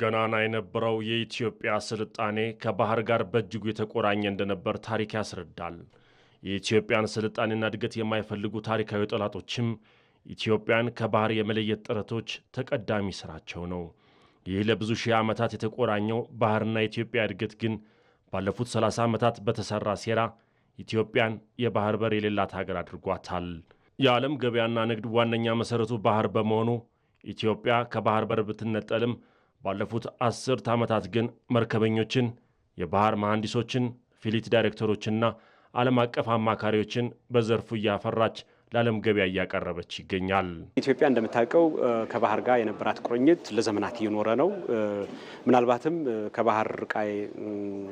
ገናና የነበረው የኢትዮጵያ ስልጣኔ ከባህር ጋር በእጅጉ የተቆራኘ እንደነበር ታሪክ ያስረዳል። የኢትዮጵያን ስልጣኔና እድገት የማይፈልጉ ታሪካዊ ጠላቶችም ኢትዮጵያን ከባህር የመለየት ጥረቶች ተቀዳሚ ስራቸው ነው። ይህ ለብዙ ሺህ ዓመታት የተቆራኘው ባህርና የኢትዮጵያ እድገት ግን ባለፉት 30 ዓመታት በተሠራ ሴራ ኢትዮጵያን የባህር በር የሌላት ሀገር አድርጓታል። የዓለም ገበያና ንግድ ዋነኛ መሠረቱ ባህር በመሆኑ ኢትዮጵያ ከባህር በር ብትነጠልም ባለፉት አስርት ዓመታት ግን መርከበኞችን፣ የባህር መሐንዲሶችን፣ ፊሊት ዳይሬክተሮችና ዓለም አቀፍ አማካሪዎችን በዘርፉ እያፈራች ለዓለም ገበያ እያቀረበች ይገኛል። ኢትዮጵያ እንደምታውቀው ከባህር ጋር የነበራት ቁርኝት ለዘመናት እየኖረ ነው። ምናልባትም ከባህር ርቃ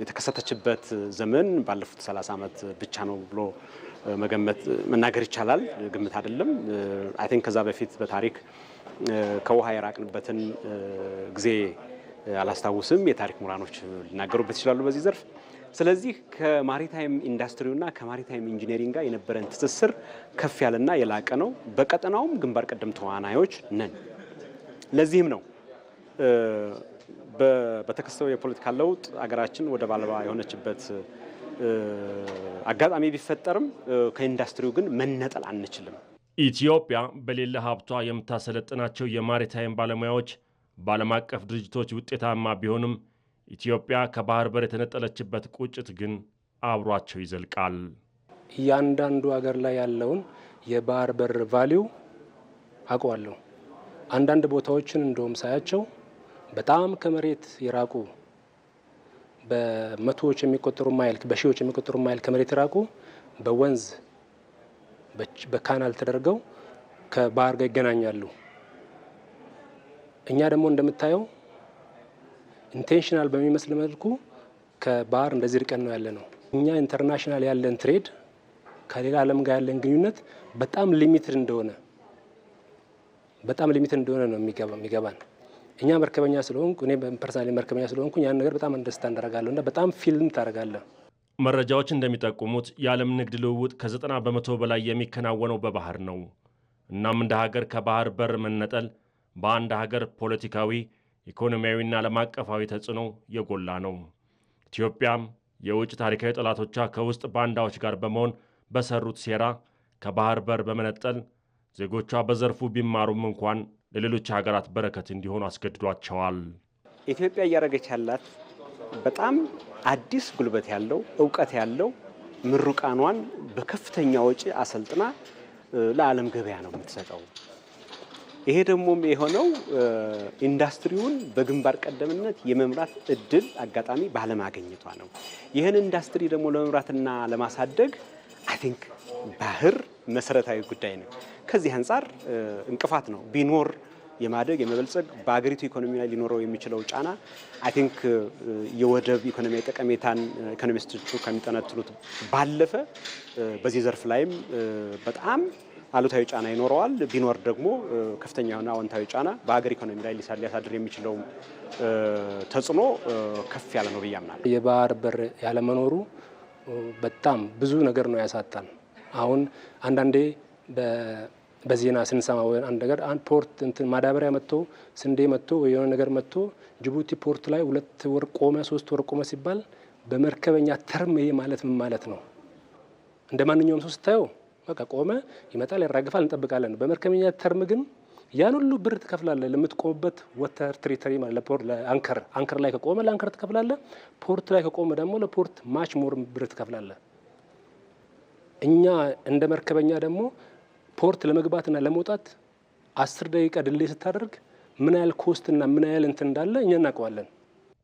የተከሰተችበት ዘመን ባለፉት 30 ዓመት ብቻ ነው ብሎ መገመት መናገር ይቻላል። ግምት አይደለም። አይ ቲንክ ከዛ በፊት በታሪክ ከውሃ የራቅንበትን ጊዜ አላስታውስም። የታሪክ ምሁራኖች ሊናገሩበት ይችላሉ በዚህ ዘርፍ። ስለዚህ ከማሪታይም ኢንዱስትሪውና ከማሪታይም ኢንጂነሪንግ ጋር የነበረን ትስስር ከፍ ያለና የላቀ ነው። በቀጠናውም ግንባር ቀደም ተዋናዮች ነን። ለዚህም ነው በተከሰተው የፖለቲካ ለውጥ አገራችን ወደብ አልባ የሆነችበት አጋጣሚ ቢፈጠርም ከኢንዱስትሪው ግን መነጠል አንችልም። ኢትዮጵያ በሌለ ሀብቷ የምታሰለጥናቸው የማሪታይም ባለሙያዎች በዓለም አቀፍ ድርጅቶች ውጤታማ ቢሆንም ኢትዮጵያ ከባህር በር የተነጠለችበት ቁጭት ግን አብሯቸው ይዘልቃል። እያንዳንዱ ሀገር ላይ ያለውን የባህር በር ቫሊው አውቀዋለሁ። አንዳንድ ቦታዎችን እንደውም ሳያቸው በጣም ከመሬት የራቁ በመቶዎች የሚቆጠሩ ማይል፣ በሺዎች የሚቆጠሩ ማይል ከመሬት የራቁ በወንዝ በካናል ተደርገው ከባህር ጋር ይገናኛሉ። እኛ ደግሞ እንደምታየው ኢንቴንሽናል በሚመስል መልኩ ከባህር እንደዚህ ርቀን ነው ያለ ነው። እኛ ኢንተርናሽናል ያለን ትሬድ ከሌላ ዓለም ጋር ያለን ግንኙነት በጣም ሊሚትድ እንደሆነ በጣም ሊሚትድ እንደሆነ ነው የሚገባን። እኛ መርከበኛ ስለሆንኩ እኔ ፐርሰናሊ መርከበኛ ስለሆንኩ ያን ነገር በጣም ደስታ እንዳረጋለሁ እና በጣም ፊልም ታደረጋለህ መረጃዎች እንደሚጠቁሙት የዓለም ንግድ ልውውጥ ከዘጠና በመቶ በላይ የሚከናወነው በባህር ነው። እናም እንደ ሀገር ከባህር በር መነጠል በአንድ ሀገር ፖለቲካዊ፣ ኢኮኖሚያዊና ዓለም አቀፋዊ ተጽዕኖ የጎላ ነው። ኢትዮጵያም የውጭ ታሪካዊ ጠላቶቿ ከውስጥ ባንዳዎች ጋር በመሆን በሰሩት ሴራ ከባህር በር በመነጠል ዜጎቿ በዘርፉ ቢማሩም እንኳን ለሌሎች ሀገራት በረከት እንዲሆኑ አስገድዷቸዋል። ኢትዮጵያ እያደረገች ያላት በጣም አዲስ ጉልበት ያለው እውቀት ያለው ምሩቃኗን በከፍተኛ ወጪ አሰልጥና ለዓለም ገበያ ነው የምትሰጠው። ይሄ ደግሞ የሆነው ኢንዱስትሪውን በግንባር ቀደምነት የመምራት እድል አጋጣሚ ባለማገኘቷ ነው። ይህን ኢንዱስትሪ ደግሞ ለመምራትና ለማሳደግ አይ ቲንክ ባህር መሰረታዊ ጉዳይ ነው። ከዚህ አንጻር እንቅፋት ነው ቢኖር የማደግ የመበልጸግ በሀገሪቱ ኢኮኖሚ ላይ ሊኖረው የሚችለው ጫና አይ ቲንክ uh, የወደብ ኢኮኖሚ ጠቀሜታን ኢኮኖሚስቶቹ ከሚጠነጥኑት ባለፈ uh, በዚህ ዘርፍ ላይም uh, በጣም አሉታዊ ጫና ይኖረዋል። ቢኖር ደግሞ ከፍተኛ የሆነ አዎንታዊ ጫና በሀገር ኢኮኖሚ ላይ ሊያሳድር የሚችለው ተጽዕኖ ከፍ ያለ ነው ብዬ አምናለሁ። የባህር በር ያለመኖሩ በጣም ብዙ ነገር ነው ያሳጣን። አሁን አንዳንዴ በዜና ስንሰማ ወይ አንድ ነገር አንድ ፖርት እንትን ማዳበሪያ መጥቶ ስንዴ መጥቶ ወይ የሆነ ነገር መጥቶ ጅቡቲ ፖርት ላይ ሁለት ወር ቆመ፣ ሶስት ወር ቆመ ሲባል በመርከበኛ ተርም ይሄ ማለት ምን ማለት ነው? እንደ ማንኛውም ሰው ስታየው በቃ ቆመ፣ ይመጣል፣ ያራግፋል፣ እንጠብቃለን። በመርከበኛ ተርም ግን ያን ሁሉ ብር ትከፍላለ ለምትቆምበት ወተር ትሪተሪ ማለት ለፖርት ለአንከር አንከር ላይ ከቆመ ለአንከር ትከፍላለ። ፖርት ላይ ከቆመ ደግሞ ለፖርት ማች ሞር ብር ትከፍላለ። እኛ እንደ መርከበኛ ደግሞ ፖርት ለመግባትና ለመውጣት አስር ደቂቃ ድሌ ስታደርግ ምን ያህል ኮስትና ምን ያህል እንትን እንዳለ እኛ እናውቀዋለን።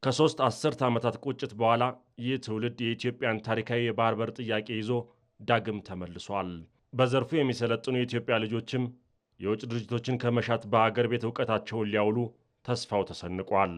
ከሶስት አስርት ዓመታት ቁጭት በኋላ ይህ ትውልድ የኢትዮጵያን ታሪካዊ የባህር በር ጥያቄ ይዞ ዳግም ተመልሷል። በዘርፉ የሚሰለጥኑ የኢትዮጵያ ልጆችም የውጭ ድርጅቶችን ከመሻት በሀገር ቤት እውቀታቸውን ሊያውሉ ተስፋው ተሰንቋል።